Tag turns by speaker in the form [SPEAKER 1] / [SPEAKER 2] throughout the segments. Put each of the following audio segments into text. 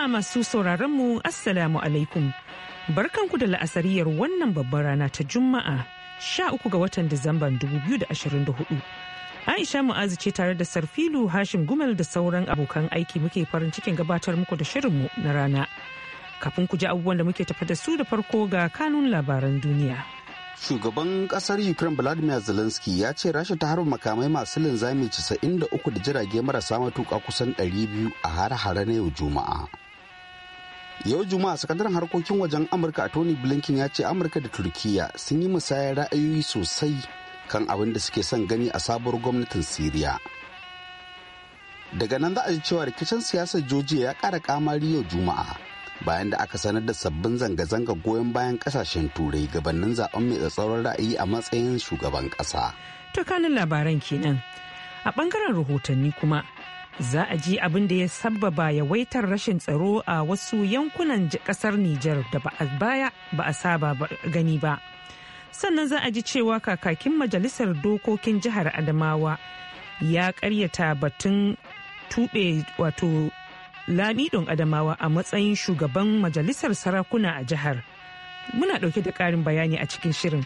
[SPEAKER 1] jama'a masu sauraron mu Assalamu alaikum. Barkanku da la'asariyar wannan babbar rana ta Juma'a 13 ga watan Disamban 2024. Aisha Mu'azu ce tare da Sarfilu Hashim Gumel da sauran abokan aiki muke farin cikin gabatar muku da shirinmu na rana. Kafin ku ji abubuwan da muke tafa da su da farko ga kanun labaran duniya.
[SPEAKER 2] Shugaban kasar Ukraine Vladimir Zelensky ya ce Rasha ta harba makamai masu linzami 93 da jirage marasa matuƙa kusan 200 a har-hare na yau Juma'a. yau juma'a sakandaren harkokin wajen amurka a tony blinken ya ce amurka da turkiya sun yi musayar ra'ayoyi sosai kan abin da suke son gani a sabuwar gwamnatin siriya daga nan za a ji cewa rikicin siyasar georgia ya kara kamari yau juma'a bayan da aka sanar da sabbin zanga-zanga goyon bayan kasashen turai gabanin zaben mai tsatsauran ra'ayi a matsayin shugaban kasa
[SPEAKER 1] to kanin labaran kenan a bangaren rahotanni kuma za a ji abin da ya sabbaba yawaitar rashin tsaro a wasu yankunan kasar Nijar da ba a baya ba a saba gani ba. Sannan za a ji cewa kakakin majalisar dokokin jihar Adamawa ya karyata batun tuɓe wato lamidon Adamawa a matsayin shugaban majalisar sarakuna a jihar. Muna ɗauke da ƙarin bayani a cikin shirin.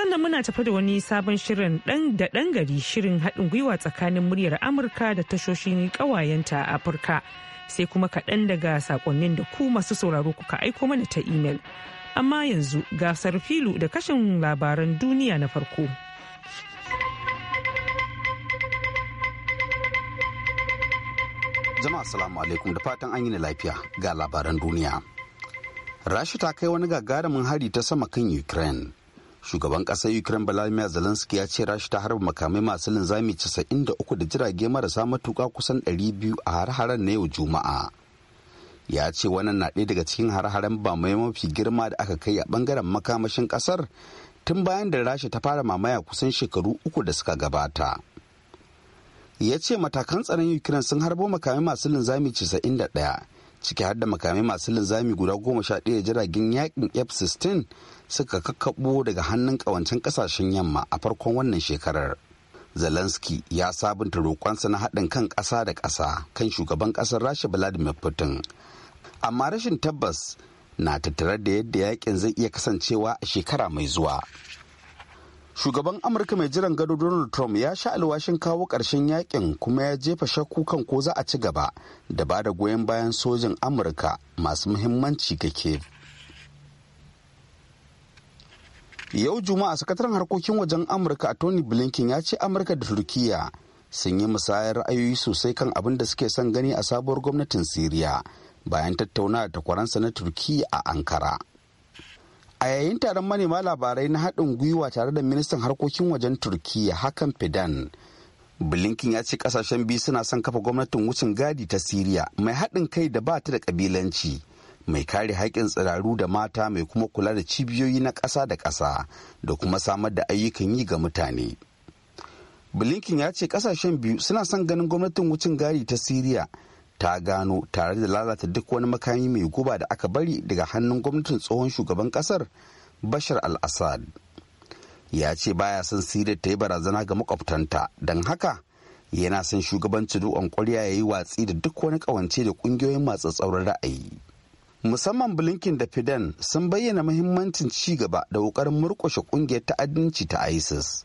[SPEAKER 1] sannan muna tafi da wani sabon shirin dan da dan gari shirin haɗin gwiwa tsakanin muryar amurka da tashoshin ƙawayenta a afirka sai kuma kaɗan daga sakonnin da ku masu sauraro kuka aiko mana ta imel amma yanzu gasar filu da kashin labaran duniya na farko
[SPEAKER 2] jama'a salamu alaikum da fatan an yi lafiya ga labaran duniya rasha ta kai wani gagarumin hari ta sama kan ukraine shugaban ƙasar ukraine vladimir zelensky ya ce rashi ta harba makamai masu linzami 93 da jirage marasa matuka kusan 200 a har-haren na yau juma'a ya ce wannan na ɗaya daga cikin har-haren ba mai mafi girma da aka kai a bangaren makamashin ƙasar tun bayan da rashi ta fara mamaya kusan shekaru uku da suka gabata ya ce matakan tsaron ukraine sun harbo makamai masu linzami 91 ciki har da makamai masu linzami guda goma sha ɗaya jiragen yakin f-16 suka kakkaɓo daga hannun ƙawancen ƙasashen yamma a farkon wannan shekarar zelensky ya sabunta roƙonsa na haɗin kan ƙasa da ƙasa kan shugaban ƙasar rasha vladimir putin amma rashin tabbas na tattare da yadda yakin zai iya kasancewa a shekara mai zuwa shugaban amurka mai jiran gado donald trump ya sha alwashin kawo ƙarshen yakin kuma ya jefa shakku kan ko za a ci gaba da ba da goyon bayan sojin amurka masu muhimmanci ga kiev yau juma'a sakataren harkokin wajen amurka a tony blinken ya ce amurka da turkiya sun yi musayar ra'ayoyi sosai kan abin da suke son gani a sabuwar gwamnatin siriya bayan tattauna da takwaransa na turkiya a ankara a yayin taron manema labarai na haɗin gwiwa tare da ministan harkokin wajen turkiya hakan fidan blinken ya ce kasashen biyu suna son kafa gwamnatin wucin gadi ta siriya mai haɗin kai da ba ta da kabilanci. mai kare haƙƙin tsiraru da mata mai kuma kula da cibiyoyi na ƙasa da ƙasa da kuma samar da ayyukan yi ga mutane blinken ya ce kasashen biyu suna son ganin gwamnatin wucin gadi ta siriya ta gano tare da lalata duk wani makami mai guba da aka bari daga hannun gwamnatin tsohon shugaban kasar bashar al-assad ya ce baya son sirri ta yi barazana ga makwabtanta don haka yana son shugabanci du'an kwarya ya yi watsi da duk wani ƙawance da ƙungiyoyin masu tsauran ra'ayi musamman blinken da fidan sun bayyana muhimmancin ci gaba da kokarin murkushe kungiyar ta'addanci ta isis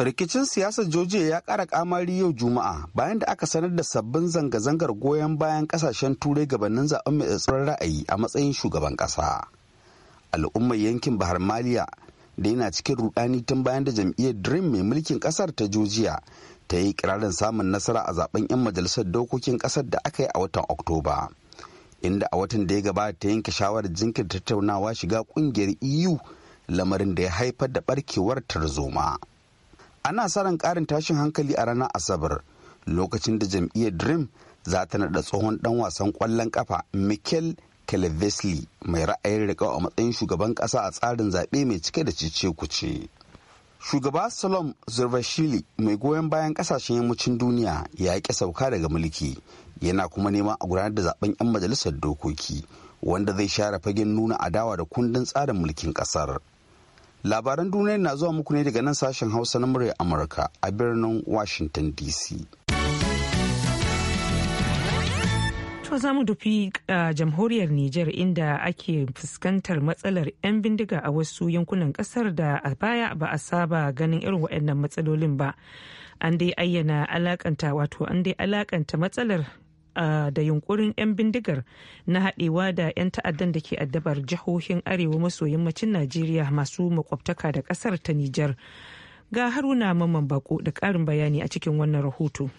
[SPEAKER 2] rikicin siyasar Jojiya ya kara kamari yau juma'a bayan da aka sanar da sabbin zanga-zangar goyon bayan kasashen turai gabanin zaben mai tsatsar ra'ayi a matsayin shugaban ƙasa al'ummar yankin bahar maliya da yana cikin rudani tun bayan da jam'iyyar dream mai mulkin ƙasar ta Jojiya ta yi kirarin samun nasara a zaben 'yan majalisar dokokin ƙasar da aka yi a watan oktoba inda a watan da ya gabata ta yanke shawarar jinkirta tattaunawa shiga ƙungiyar eu lamarin da ya haifar da barkewar tarzoma. ana sa ran karin tashin hankali a ranar asabar lokacin da jam'iyyar dream za ta naɗa tsohon ɗan wasan ƙwallon ƙafa michael kelvesley mai ra'ayin riƙau a matsayin shugaban ƙasa a tsarin zaɓe mai cike da cece kuce shugaba salom zurvashili mai goyon bayan ƙasashen yammacin duniya ya ƙi sauka daga mulki yana kuma neman a gudanar da zaben 'yan majalisar dokoki wanda zai share fagen nuna adawa da kundin tsarin mulkin ƙasar labaran duniya na zuwa muku ne daga nan sashen hausa na murya amurka a birnin washington dc
[SPEAKER 1] to za mu dufi jamhuriyar Nijar inda ake fuskantar matsalar 'yan bindiga a wasu yankunan kasar da a baya ba a saba ganin irin waɗannan matsalolin ba an dai ayyana alakanta wato an dai alakanta matsalar da yunkurin 'yan bindigar na haɗewa da 'yan ta'addan da ke addabar jihohin arewa maso yammacin najeriya masu makwabtaka da ƙasar ta nijar ga haruna mamman bako da ƙarin bayani a cikin wannan rahoto.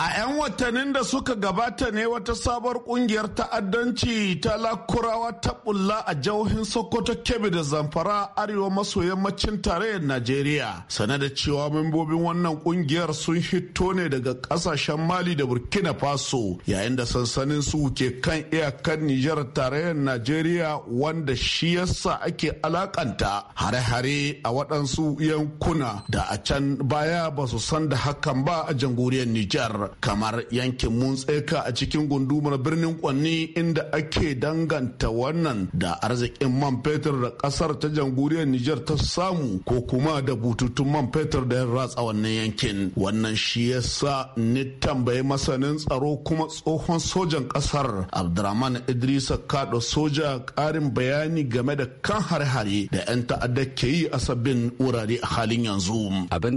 [SPEAKER 3] A 'yan watannin da suka gabata ne wata sabuwar kungiyar ta'addanci ta lakurawa ta bulla a jihohin Sokoto Kebbi da Zamfara arewa maso yammacin tarayyar Najeriya. Sana da cewa membobin wannan kungiyar sun hito ne daga kasashen Mali da Burkina Faso yayin da sansanin su ke kan iyakar Nijar tarayyar Najeriya wanda shi yasa ake alakanta hare-hare a waɗansu yankuna da a can baya ba su san da hakan ba a jamhuriyar Nijar. kamar yankin Muntsaika a cikin gundumar birnin kwanni inda ake danganta wannan da arzikin man fetur da kasar ta jamhuriyar Nijar ta samu ko kuma da bututun man fetur da ya ratsa wannan yankin wannan shi yasa ni tambayi masanin tsaro kuma tsohon sojan kasar abdurrahman idrisa kado soja karin bayani game da
[SPEAKER 4] kan hare-hare da 'yan ta'adda ke yi a sabbin wurare a halin yanzu abin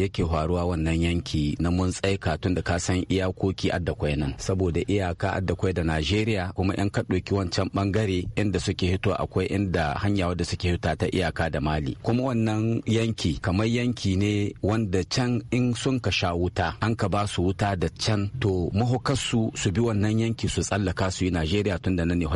[SPEAKER 4] yake faruwa wannan yanki na mun tsaika tun da ka san iyakoki addakwai nan saboda iyaka addakwai da Najeriya kuma yan kaɗoki wancan bangare inda suke hito akwai inda hanya wadda suke hito ta iyaka da Mali kuma wannan yanki kamar yanki ne wanda can in sun ka sha wuta an ka ba su wuta da can to mahukarsu su bi wannan yanki su tsallaka su yi Najeriya tun da nan ne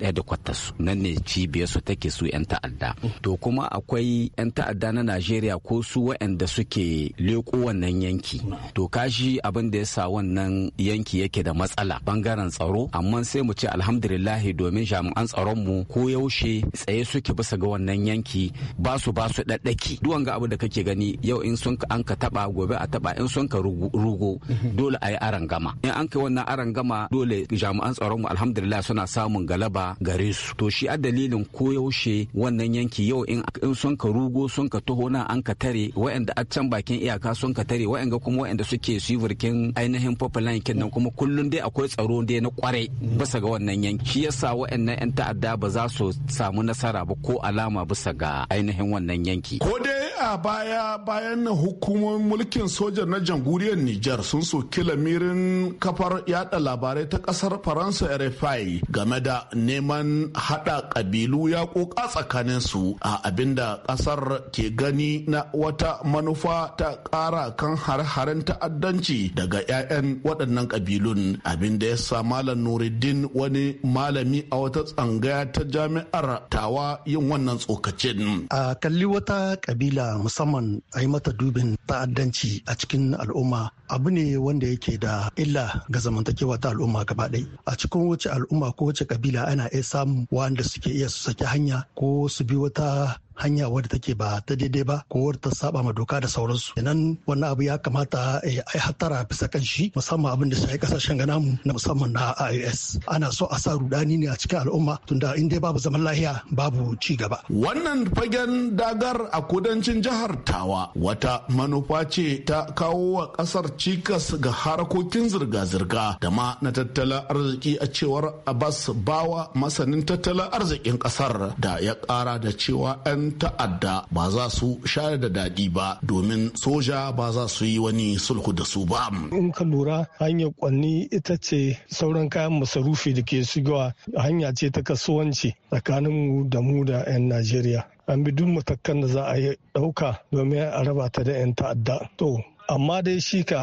[SPEAKER 4] headquarters su nan ne cibiyar su take su yan ta'adda to kuma akwai yan ta'adda na Najeriya ko su wa'anda suke leko wannan yanki to kashi abin da da yasa wannan yanki yake da matsala bangaren tsaro amma sai mu ce alhamdulillahi domin jami'an tsaron mu ko yaushe tsaye suke bisa ga wannan yanki ba su ba su daddaki duwan ga abu da kake gani yau in sun an ka taba gobe a taba in sun ka rugo mhm. dole a yi arangama in an kai wannan arangama dole jami'an tsaron mu alhamdulillah suna samun galaba gare su to shi a dalilin ko yaushe wannan yanki yau in sun ka rugo sun ka taho na an ka tare waɗanda a can bakin iyaka sun ka tare waɗanda kuma wa'anda suke suivirkin ainihin popular kenan kuma kullum dai akwai tsaro dai na kwarai bisa ga wannan yanki shi yasa waɗannan 'yan ta'adda ba za su samu nasara ba ko alama bisa ga ainihin wannan yanki
[SPEAKER 3] ko dai a baya bayan na hukumomin mulkin soja na jamhuriyar Nijar sun soki lamirin kafar yada labarai ta kasar Faransa RFI game da neman hada kabilu ya koka tsakanin su a abinda kasar ke gani na wata manufa ta kara kan har-haren ta'addanci daga 'ya'yan waɗannan kabilun abinda ya sa malam Nuruddin wani malami a wata tsangaya ta jami'ar tawa yin wannan tsokacin. A kalli wata kabila musamman a yi mata dubin ta'addanci a cikin al'umma abu ne wanda yake da illa ga zamantakewa ta al'umma gaba ɗaya a cikin wace al'umma ko wace kabila ana iya samun wanda suke iya su saki hanya ko su bi wata hanya wadda take ba ta daidai ba ko wadda ta saba ma doka da sauransu Idan wannan abu ya kamata a yi hattara bisa kan shi musamman abin da shi kasashen mu na musamman na IOS ana so a sa rudani ne a cikin al'umma tunda in dai babu zaman lahiya babu ci gaba wannan fagen dagar a kudancin jihar Tawa wata manufa ce ta kawo wa kasar cikas ga harkokin zirga-zirga da ma na tattalin arziki a cewar Abbas Bawa masanin tattalin arzikin kasar da ya kara da cewa 'yan ta'adda ba za su share da dadi ba domin soja ba za su yi wani sulhu da su ba.
[SPEAKER 5] In ka lura hanyar kwanni ita ce sauran kayan masarufi da ke shigowa hanya ce ta kasuwanci tsakaninmu da mu da 'yan Najeriya. an bi duk matakan da za a yi ɗauka domin a raba ta da 'yan ta'adda. To, amma dai shi ka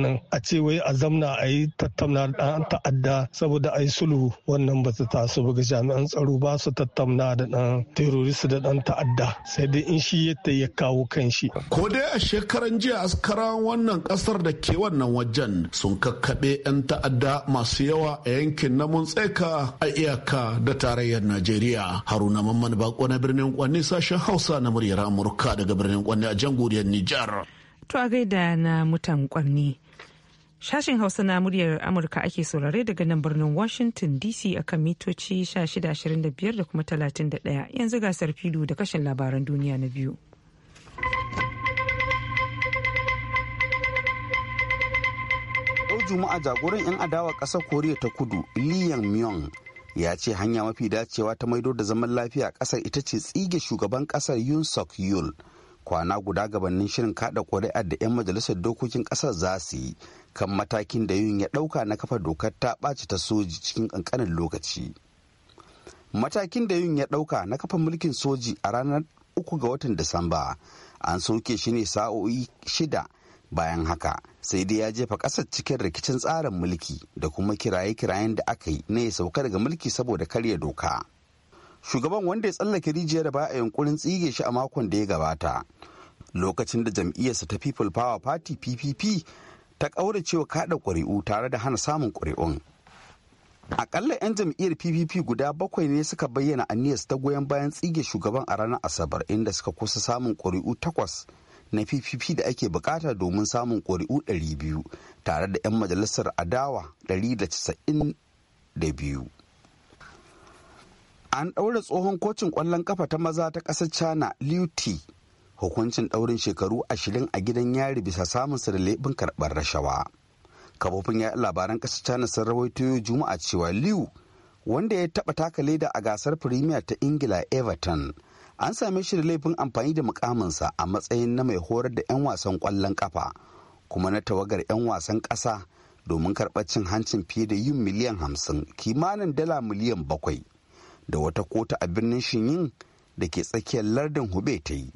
[SPEAKER 5] nan a ce wai a zamna a yi tattauna da ɗan ta'adda saboda a yi sulhu wannan ba ta taso ga jami'an tsaro ba su tattauna da dan terrorist da dan ta'adda sai dai in shi yadda ya kawo kanshi.
[SPEAKER 3] ko dai a shekaran jiya askaran wannan ƙasar da ke wannan wajen sun kakkaɓe 'yan ta'adda masu yawa a yankin na tsaika a iyaka da tarayyar najeriya haruna mamman bako na birnin kwanne sashen hausa na muryar amurka daga birnin kwanne a jamhuriyar nijar.
[SPEAKER 1] To a gaida na mutan kwanni. Sashen Hausa na muryar Amurka ake saurare daga nan birnin Washington DC a kan mitoci 1625 da kuma 31 yanzu gasar filu da kashin labaran duniya na biyu.
[SPEAKER 2] Yau Juma'a jagoran 'yan adawa ƙasar Koriya ta kudu Liyan Myong ya ce hanya mafi dacewa ta maido da zaman lafiya ƙasar ita ce tsige shugaban ƙasar Yun Suk Yul. kwana guda gabanin shirin kada kuri'a da 'yan majalisar dokokin kasar za su yi kan matakin da yun ya dauka na kafa dokar ta ɓaci ta soji cikin kankanin lokaci matakin da yun ya dauka na kafa mulkin soji a ranar uku ga watan disamba an soke shi ne sa'o'i shida bayan haka sai dai ya jefa ƙasar cikin rikicin tsarin mulki da kuma kiraye-kirayen da aka yi na ya sauka daga mulki saboda karya doka. shugaban wanda ya tsallake rijiyar ba a yunkurin tsige shi a makon da ya gabata lokacin da jam'iyyarsa ta people power party ppp ta ƙauracewa kaɗa ƙuri'u tare da hana samun ƙuri'un akalla 'yan jam'iyyar ppp guda bakwai ne suka bayyana aniyas ta goyon bayan tsige shugaban a ranar asabar inda suka kusa samun ƙuri'u takwas na ppp da ake bukata domin samun ƙuri'u biyu tare da 'yan majalisar adawa da da casa'in biyu. an ɗaure tsohon kocin ƙwallon kafa ta maza ta ƙasar china liu hukuncin ɗaurin shekaru ashirin a gidan yari bisa samun da laifin karɓar rashawa kafofin ya labaran ƙasar china sun rawaito juma'a cewa liu wanda ya taɓa taka leda a gasar premier ta ingila everton an same shi da laifin amfani da mukaminsa a matsayin na mai horar da 'yan wasan ƙwallon kafa kuma na tawagar 'yan wasan ƙasa domin karɓar cin hancin fiye da yin miliyan hamsin kimanin dala miliyan bakwai da wata kota a birnin shinyin da ke tsakiyar lardin hubei ta yi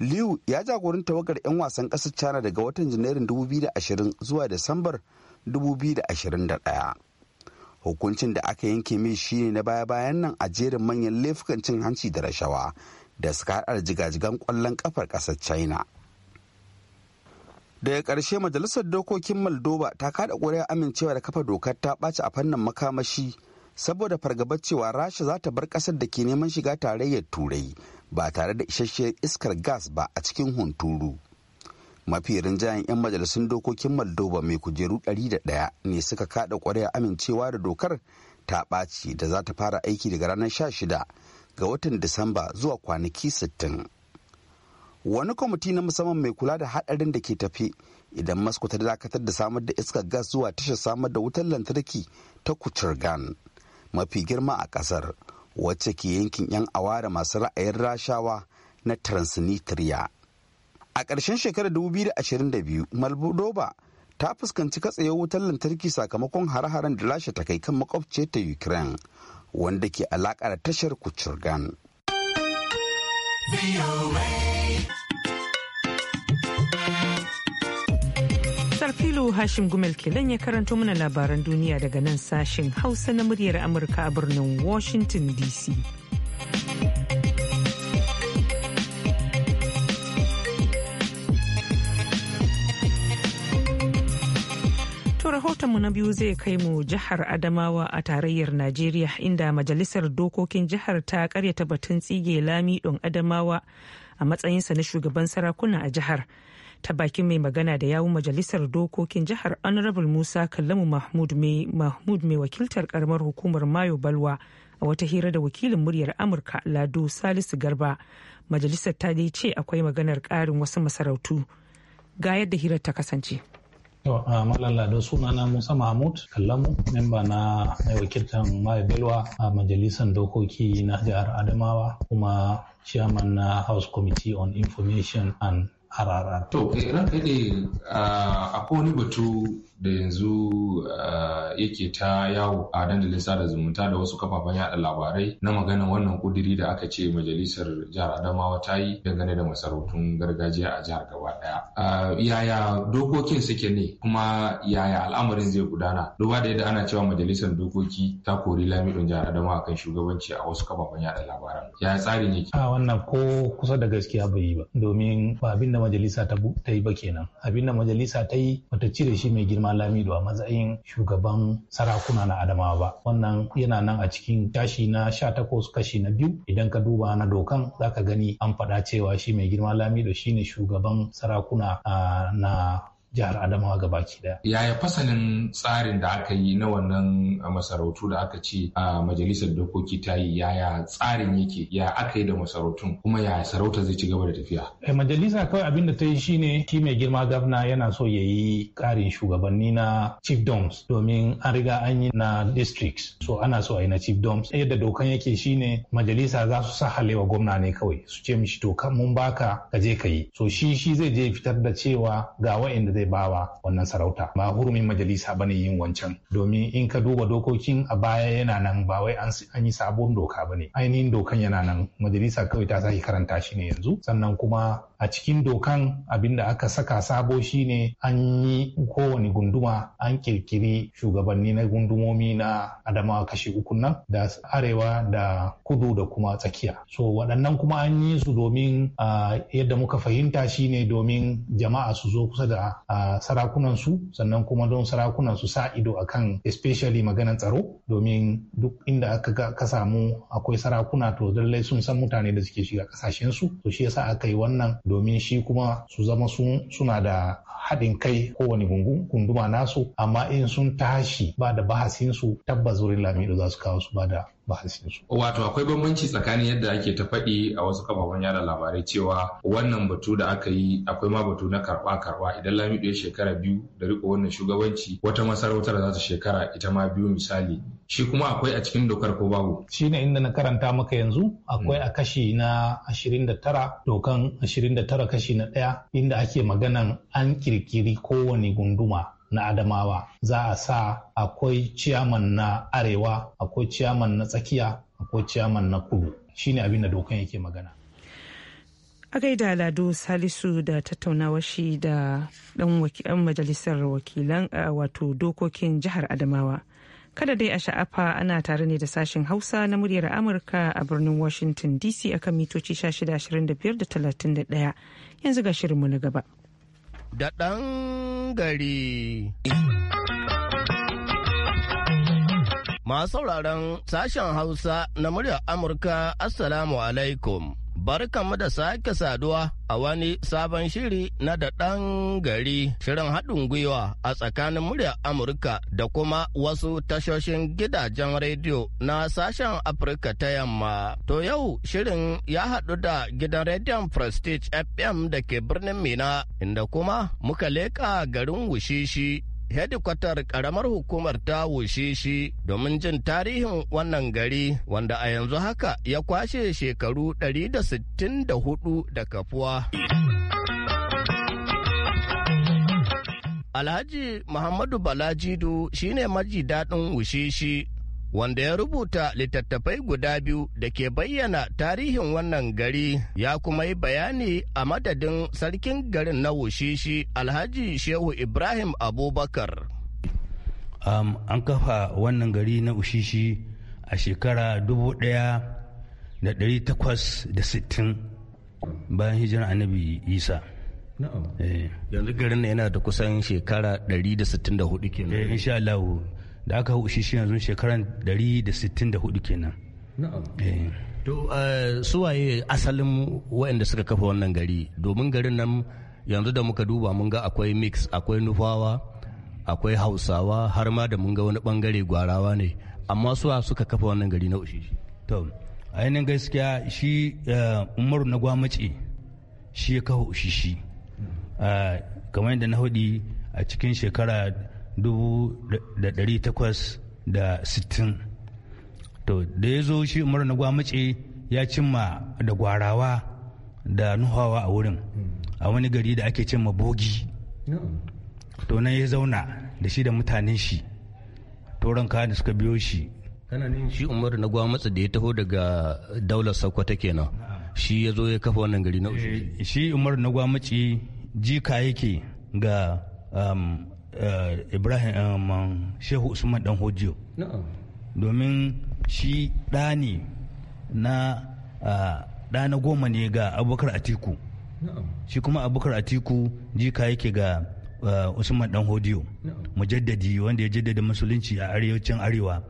[SPEAKER 2] liu ya jagorin tawagar 'yan wasan ƙasar china daga watan janairun 2020 zuwa disambar 2021 hukuncin da aka yanke mai shine na baya-bayan nan a jerin manyan laifukan cin hanci da rashawa da suka haɗa jigajigan ƙwallon ƙafar ƙasar china daga ƙarshe majalisar dokokin moldova ta kada ƙuri'ar amincewa da kafa dokar ta ɓaci a fannin makamashi saboda fargabar cewa rasha za ta bar kasar da ke neman shiga tarayyar turai ba tare da isasshiyar iskar gas ba a cikin hunturu mafi rinjayen 'yan majalisun dokokin maldova mai kujeru 101 ne suka kada kwarya amincewa da dokar ta ɓaci da za ta fara aiki daga ranar 16 ga watan disamba zuwa kwanaki 60 wani kwamiti na musamman mai kula da hadarin da ke tafi idan moscow ta dakatar da samar da iskar gas zuwa tashar samar da wutar lantarki ta kucurgan mafi girma a kasar wacce ke yankin 'yan awara masu ra'ayin rashawa na Transnistria? a ƙarshen shekarar 2022 malbudoba ta fuskanci katsayar wutar lantarki sakamakon hare-haren da lashe ta kai kan makwabce ta ukraine wanda ke alaƙa da tashar kuchurgan.
[SPEAKER 1] Hashim Gumel nan ya karanto mana labaran duniya daga nan sashen Hausa na muryar Amurka a birnin Washington DC. rahotonmu na biyu zai kai mu jihar Adamawa a tarayyar Najeriya inda Majalisar Dokokin jihar ta karyata batun tsige Lami don Adamawa a matsayinsa na shugaban sarakuna a jihar. ta bakin mai magana da yawun majalisar dokokin jihar honorable musa kallamu mahmud mai mahmud mai wakiltar karamar hukumar mayo balwa a wata hira da wakilin muryar amurka lado salisu garba majalisar ta dai ce akwai maganar karin wasu masarautu ga yadda hirar ta kasance
[SPEAKER 6] malala lado sunana musa mahmud kallamu memba na mai wakiltar mai belwa a majalisar dokoki na jihar adamawa kuma chairman na house committee on information and a rara. ina ran kai ne
[SPEAKER 7] a ah, wani batu da yanzu eh, yake ta yawo a dandalin sada zumunta da wasu kafafen yada labarai na maganan wannan kudiri da aka ce majalisar jihar Adamawa ta yi dangane da masarautun gargajiya a jihar gaba daya. Eh, yaya dokokin suke ne kuma yaya al'amarin zai gudana duba da yadda ana cewa majalisar dokoki ta kori lamidon jihar Adamawa kan shugabanci a wasu kafafen yada labaran. Yaya tsarin ne?
[SPEAKER 6] A wannan ko kusa da gaskiya bai yi ba domin ba abin majalisa ta yi ba kenan abinda majalisa ta yi wata cire shi mai girma malamido a matsayin shugaban sarakuna na adamawa ba wannan yana nan a cikin tashi na sha takwas kashi na biyu idan ka duba na dokan za ka gani an faɗa cewa shi mai girma lamido shine shugaban sarakuna na jihar Adamawa ki daya.
[SPEAKER 7] Yaya fasalin tsarin da aka yi na wannan masarautu da aka ce a majalisar dokoki ta yi yaya tsarin yake ya aka yi da masarautun kuma yaya sarauta zai ci gaba da tafiya.
[SPEAKER 6] Eh, majalisa kawai abin da ta yi shine shi mai girma gavna yana so ya yi karin shugabanni na doms domin an riga an yi na districts so ana so a yi na chiefdoms yadda dokan yake shine majalisa za su sa halewa gwamna ne kawai su ce mishi to mun baka ka je ka yi so shi shi zai je fitar da cewa ga wa'inda zai bawa wannan sarauta ba hurumin majalisa bane yin wancan domin in ka duba dokokin a baya yana nan ba wai an yi sabon doka bane ainihin dokan yana nan majalisa kawai ta sake karanta shi ne yanzu sannan kuma a cikin dokan abin da aka saka sabo shine an yi kowane gunduma an kirkiri shugabanni na gundumomi na adama kashi uku nan da arewa da kudu da kuma tsakiya so waɗannan kuma an yi su domin yadda muka fahimta shine domin jama'a su zo kusa da sarakunan su sannan kuma don sarakunan su sa ido akan especially maganan tsaro domin duk inda aka ka samu akwai sarakuna to lallai sun san mutane da suke shiga kasashen su to shi yasa aka yi wannan domin shi kuma su zama suna da haɗin kai kowane gunduma nasu amma in sun tashi ba da bahasinsu tabbas wurin lamido za su kawo su ba da bahasinsu.
[SPEAKER 7] Wato akwai bambanci tsakanin yadda ake ta faɗi a wasu kafafen yada labarai cewa wannan batu da aka yi akwai ma batu na karɓa karɓa idan lamido ya shekara biyu da riko wannan shugabanci wata masarautar za ta shekara ita ma biyu misali shi kuma akwai a cikin dokar ko babu. Shi ne inda na karanta maka yanzu akwai
[SPEAKER 6] a kashi na 29 dokan 29 kashi na ɗaya inda ake maganan an kirkiri kowane gunduma na Adamawa za a sa akwai ciyaman na arewa akwai ciyaman na tsakiya akwai ciyaman na kudu shine abin da dokan yake magana
[SPEAKER 1] a gaida lado salisu da tattaunawar shi da dan majalisar wakilan wato dokokin jihar adamawa kada dai a sha'afa ana tare ne da sashen hausa na muryar amurka a birnin washington dc akan mitoci 1625 da 31 yanzu ga shirinmu na gaba
[SPEAKER 8] da ɗan gari. Masu sauraron sashen Hausa na muryar Amurka, Assalamu alaikum. kama da sake saduwa a wani sabon shiri na da ɗan gari shirin haɗin gwiwa a tsakanin murya Amurka da kuma wasu tashoshin gidajen rediyo na sashen Afirka ta yamma. To yau shirin ya haɗu da gidan rediyon Prestige FM da ke birnin Mina inda kuma muka leƙa garin Wushishi hedikwatar karamar hukumar ta wushe shi domin jin tarihin wannan gari wanda a yanzu haka ya kwashe shekaru 164 da kafuwa. Alhaji Muhammadu Balajidu shine maji daɗin shi. wanda ya rubuta littattafai guda biyu da ke bayyana tarihin wannan gari ya kuma yi bayani a madadin sarkin garin na wushishi alhaji shehu ibrahim abubakar
[SPEAKER 9] um, an kafa wannan gari na ushishi a shekara 1860 bayan hijira annabi isa eh. yanzu garin yana da kusan shekara 164 kenan eh, insha Allah da aka hau shi yanzu shekaran 164 kenan eh.
[SPEAKER 5] to eh, suwaye asalin waɗanda suka kafa wannan gari domin garin nan yanzu da muka duba mun ga akwai mix akwai nufawa akwai hausawa har ma da mun ga wani bangare
[SPEAKER 9] gwarawa ne amma suwa suka kafa wannan gari na ushishi to ainihin gaskiya shi eh, umaru na gwamnati shi ya kafa ushishi kamar yadda na hudi a cikin shekara 1860 to da ya zo shi umar na gwamnati ya cimma da gwarawa da nuhawa a wurin a wani gari da ake cimma bogi to nan ya zauna da shi da mutanen shi toron kayan da suka biyo shi
[SPEAKER 5] kana ne shi umar na gwamnati da ya taho daga daular ta
[SPEAKER 9] kenan shi ya zo ya kafa wannan gari na shi umar na gwamnati jika yake ga Um, uh, ibrahim um, shehu usman dan hojiyo domin shi ɗa na uh, ɗa na goma ne ga abubakar atiku shi kuma abubakar atiku jika yake ga uh, usman dan hodiyo mujaddadi wanda ya jaddada musulunci a arewacin arewa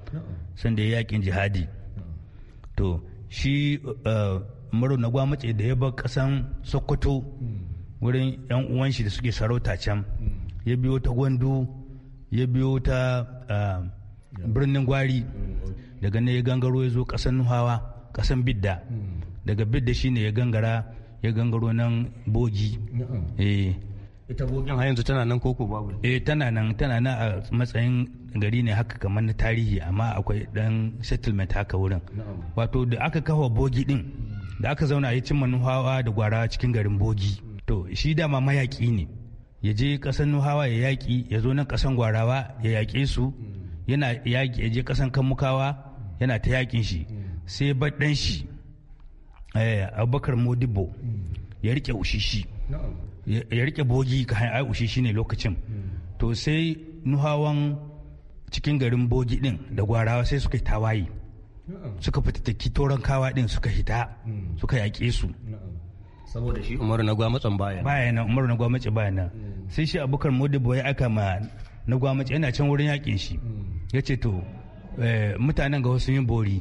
[SPEAKER 9] sanda ya yakin jihadi to shi maro na gwamace da ya bar kasan sokoto hmm. wurin yan uwan shi da suke sarauta can hmm. ya biyo ta gwandu ya biyo ta um, birnin gwari daga ne ya gangaro ya zo kasan nuhawa kasan bidda daga bidda shine ya gangara ya gangaro nan bogi eh. ita bogin har yanzu tana nan koko babu eh tana nan tana nan a matsayin gari ne haka kamar na tarihi amma akwai dan settlement haka wurin wato da aka kawo bogi din da aka zauna a yi cimma nuhawa da gwara cikin garin bogi to shi dama mayaki ne ya je kasan nuhawa ya yaƙi ya zo nan kasan gwarawa ya yaƙe su yana ya je kasan kamukawa yana ta yaƙin shi sai baɗan shi eh, abubakar modibo ya rike ushishi ya rike bogi ka hanyar ushishi ne lokacin to sai nuhawan cikin garin bogi din da gwarawa sai suka yi tawaye suka fita ta kitoran kawa din suka hita suka yaƙe su
[SPEAKER 5] saboda shi umaru na gwamnatin baya
[SPEAKER 9] baya nan umaru na gwamnatin baya nan hmm. sai shi abubakar modibo ya aka ma na gwamnati yana can wurin yakin shi hmm. ya ce to eh, mutanen ga wasu yin bori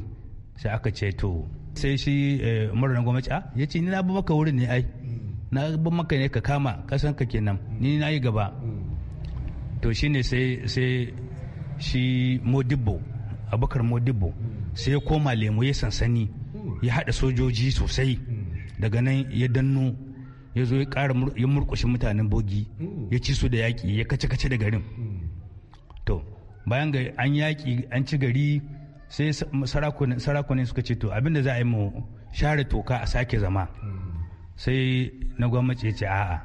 [SPEAKER 9] sai aka ce to sai shi eh, umaru na gwamnati ah, ya ce ni na bi maka wurin ne ai hmm. na bi maka ne ka kama kasan ka kenan ni na yi gaba to shine sai sai shi modibo abubakar modibo sai ya koma lemu ya sansani ya haɗa sojoji sosai daga nan ya danno ya zo ya ƙara ya murkushe mutanen bogi hmm. ya ci su da yaƙi ya kace-kace da garin hmm. to bayan ga an yaƙi an ci gari sai sarakunan suka ce to abinda za a yi mu share toka a sake zama hmm. sai na gwamnati ya ce a'a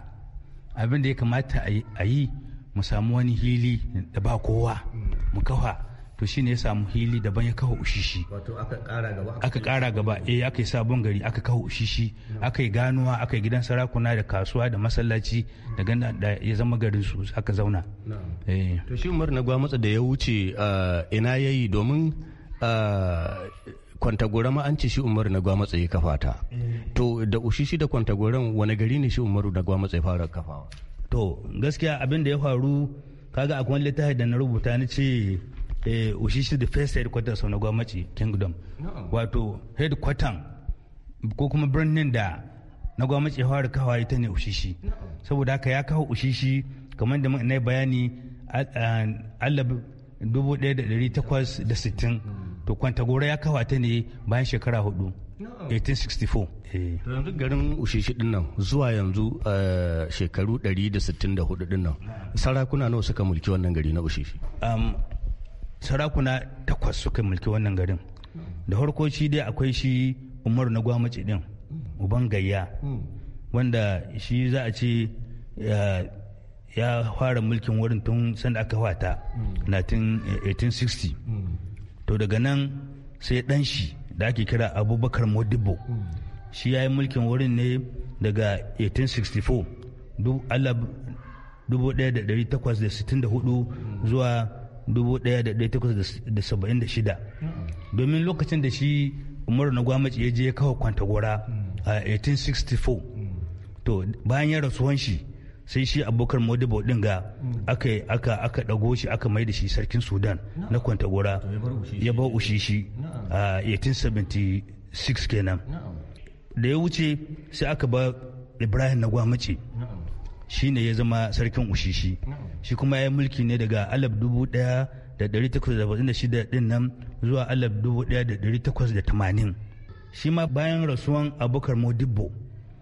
[SPEAKER 9] abinda ya kamata a yi mu samu wani hili da ba kowa mu kafa to shine ya samu hili daban ya kawo ushishi aka kara gaba eh aka yi sabon gari aka kawo ushishi mm. aka yi ganuwa aka yi gidan sarakuna da kasuwa da masallaci da mm. ganda da ya zama garin su aka zauna eh.
[SPEAKER 5] to shi umar na gwamnati da ya wuce uh, ina yayi domin uh, kwantagora ma an ce shi umar na gwamnati ya kafa ta eh. to da ushishi da kwantagoran wani gari ne shi umar na gwamnati ya fara kafawa
[SPEAKER 9] to gaskiya abin da ya faru kaga akwai littafi da na rubuta ni ce Eh, shi shi defense headquarters na gwamnati kingdom wato headquarters ko kuma birnin da na gwamnati ya fara kawo ita ne ushishi saboda haka ya kawo ushishi kamar da na bayani allah 1860 to kwantagora ya kawo ta ne bayan shekara hudu 1864 eh. yanzu garin ushishi din nan zuwa yanzu eh, shekaru
[SPEAKER 5] 164
[SPEAKER 9] din nan sarakuna nawa suka mulki wannan gari na ushishi sarakuna takwas suka mulki wannan garin da farko shi dai akwai shi umaru na gwamnati din uban gayya wanda shi za a ce ya fara mulkin wurin tun sanda aka wata 1860 to daga nan sai dan shi da ake kira abubakar modibo shi ya yi mulkin wurin ne daga 1864 dubu 1864 zuwa 1876 domin lokacin da shi umaru na gwamnati ya je kawo kwantagora mm. a 1864 to bayan ya rasu shi sai shi abokan modibo din ga mm. aka aka aka dago shi aka mai da shi sarkin sudan na gora ya ba ushi shi a 1876 kenan da ya wuce sai aka ba ibrahim na gwamnati shi ne ya zama sarkin ushishi shi kuma ya yi mulki ne daga alab dubu daya da dari takwas da da shida din nan zuwa alab dubu daya da dari takwas da tamanin shi ma bayan rasuwan abokar modibbo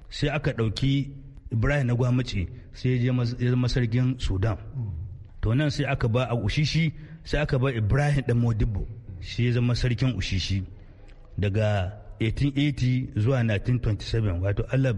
[SPEAKER 9] sai aka ɗauki ibrahim na gwamnati sai ya zama sarkin sudan to nan sai aka ba a ushishi sai aka ba ibrahim da modibbo shi ya zama sarkin ushishi daga 1880 zuwa 1927 wato alab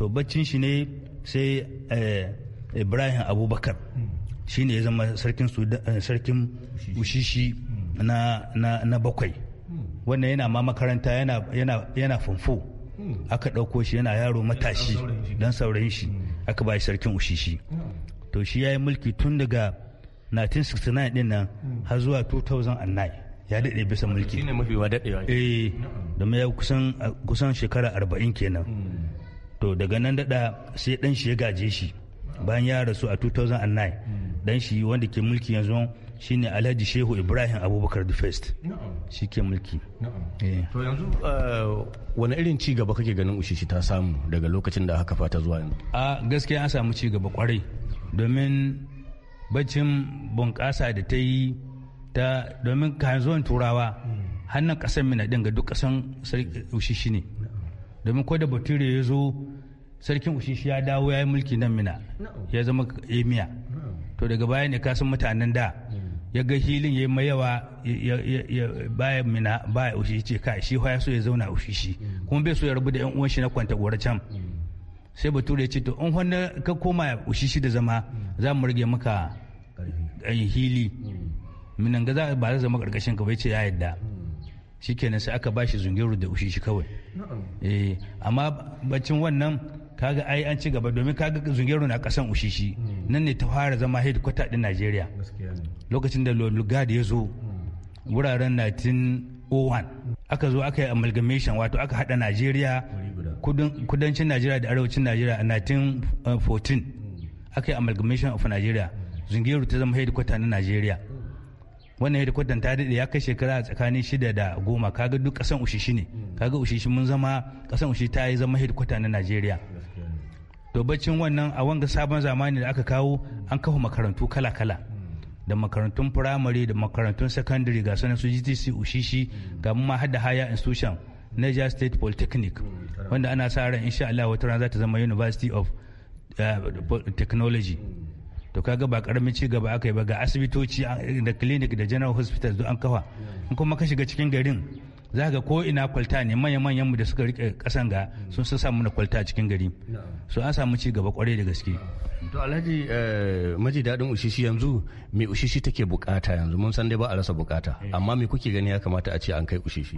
[SPEAKER 9] to baccin shi ne sai eh, ibrahim abubakar shi ne ya zama sarkin eh, ushishi na bakwai wannan yana ma makaranta yana famfo aka ɗauko shi yana yaro matashi don saurayin shi aka ba shi sarkin ushishi to shi ya yi mulki tun daga 1969 din nan har zuwa 2009 ya daɗe bisa mulki ne mafi wa daɗewa eh domin ya kusan shekara 40 kenan to daga nan dada sai dan shi ya gaje shi bayan ya rasu a 2009 dan shi wanda ke mulki yanzu shine alhaji shehu ibrahim abubakar the first shi ke mulki eh. to yanzu eh, wani irin ci gaba kake ganin ushishi ta samu
[SPEAKER 5] daga lokacin da aka fata zuwa yanzu
[SPEAKER 9] a gaskiya an samu ci gaba kwarai domin baccin bunƙasa da ta yi ta domin kayan zuwan turawa hmm. hannun ƙasar mina dinga ga duk ƙasan ushishi ne domin ko da bature ya zo sarkin ushishi ya dawo ya yi mulki nan mina ya zama emiya to daga baya ne kasan mutanen da hmm. ya ga hilin ya yi mai yawa baya mina baya ushishi ce ka shi ya so ya zauna ushishi hmm. kuma bai so ya rabu da yan uwan shi na kwanta gora can hmm. sai bature ya ce to in wanda ka koma ushishi da zama za mu rage maka eh, hili minan ga ba za zama karkashin ka bai ce ya yadda shikenan sai aka bashi zungiru da ushishi kawai eh amma bacin wannan kaga ai an ci gaba domin kaga zungiru na kasan ushishi hmm. nan ne ta fara zama headquarter din Najeriya lokacin da Lugard ya zo hmm. wuraren 1901 aka zo aka yi amalgamation wato aka hada Najeriya kudancin Najeriya da arewacin Najeriya a 1914 hmm. aka yi amalgamation of Najeriya zungiru ta zama headquarter na Najeriya wannan hedikwatan ta daɗe ya kai shekara tsakanin shida da goma kaga duk ƙasan ushishi ne hmm. kaga ushishi mun zama ƙasan ushishi ta yi zama hedikwata na najeriya to baccin wannan a wanga sabon zamani da aka kawo an kafa makarantu kala-kala hmm. da makarantun firamare da makarantun sakandare ga sanar su gtc ushishi hmm. ga ma hada haya institution niger state polytechnic wanda ana sa ran insha Allah wata rana za ta zama university of eh, technology to kaga ba karamin ci gaba aka yi ba ga asibitoci da clinic da general hospital duk an kafa in kuma ka shiga cikin garin za ga ko ina kwalta ne manya-manyan mu da suka rike kasan ga sun sa samu na kwalta cikin gari so an samu ci gaba kwarai da gaske
[SPEAKER 5] to alhaji eh, maji dadin ushishi yanzu me ushishi take bukata yanzu mun san dai ba a rasa bukata eh. amma me kuke gani ya kamata a ce an kai ushishi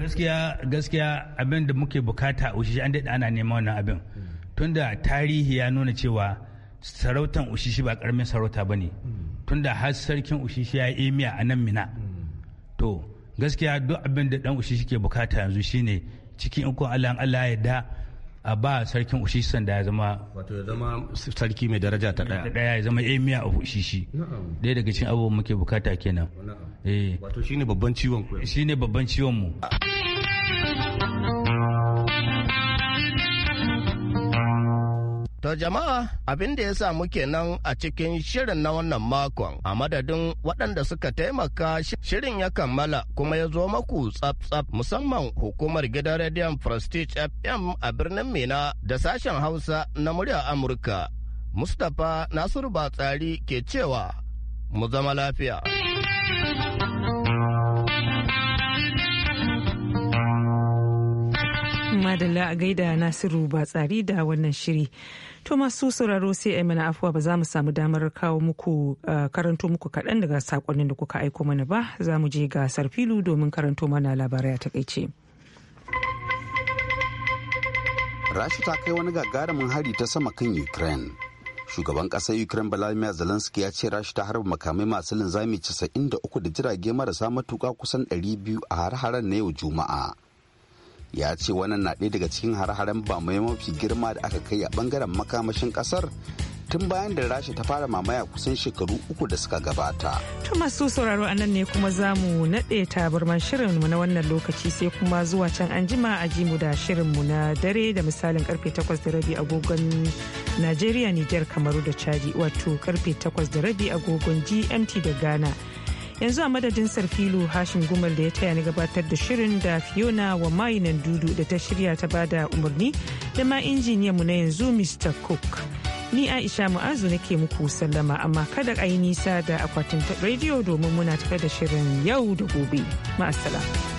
[SPEAKER 9] gaskiya gaskiya abin da muke bukata ushishi an daɗa ana neman wannan abin hmm. tunda tarihi ya nuna cewa sarautan ushishi ba karamin sarauta ba ne hmm. tunda har sarkin ushishi ya yi miya a nan mina hmm. to gaskiya duk abin da dan ushishi ke bukata yanzu shine cikin ikon allah allah ya da a ba sarkin ushishi sanda ya zama
[SPEAKER 5] wato ya zama
[SPEAKER 9] sarki mai daraja ta daya daya ya zama emiya a ushishi daya daga cikin abubuwan muke bukata kenan eh wato shine babban ciwon
[SPEAKER 8] ku shine babban ciwon mu To jama'a abin da ya samu kenan a cikin shirin na wannan makon a madadin waɗanda suka taimaka shirin ya kammala kuma ya zo maku tsaf-tsaf musamman hukumar gidan rediyon Prestige FM a birnin Mina da sashen Hausa na murya Amurka. Mustapha Nasiru Batsari ke cewa mu zama lafiya.
[SPEAKER 1] madalla a gaida nasiru ba tsari da wannan shiri to masu sauraro sai ai mana afuwa ba za mu samu damar kawo muku uh, karanto muku kaɗan daga sakonnin da kuka aiko mana ba za mu je ga sarfilu domin karanto mana labarai a takaice
[SPEAKER 2] rashi ta kai wani gagarumin hari ta sama kan ukraine shugaban ƙasar ukraine vladimir zelensky ya ce rashi ta harba makamai masu linzami 93 da jirage marasa matuka kusan 200 a har-haren na yau juma'a ya ce wannan na ɗaya daga cikin har-haren mai mafi girma da aka kai a bangaren makamashin ƙasar tun bayan da rasha ta fara mamaya kusan shekaru uku da suka gabata.
[SPEAKER 1] To masu sauraro a nan ne kuma za mu naɗe shirin mu na wannan lokaci sai kuma zuwa can an jima a ji mu da mu na dare da misalin karfe takwas da rabi agogon Najeriya, Nijar, Kamaru da Chadi wato karfe takwas da rabi agogon GMT da Ghana. yanzu a madadin sarfilu hashim gumal da ya taya ni gabatar da shirin da fiona wa mayinan dudu da ta shirya ta bada umarni da ma injiniyan mu na yanzu mr cook ni aisha mu'azu nake muku sallama amma kada a yi nisa da akwatin radio domin muna tafe da shirin yau da gobe ma'asala.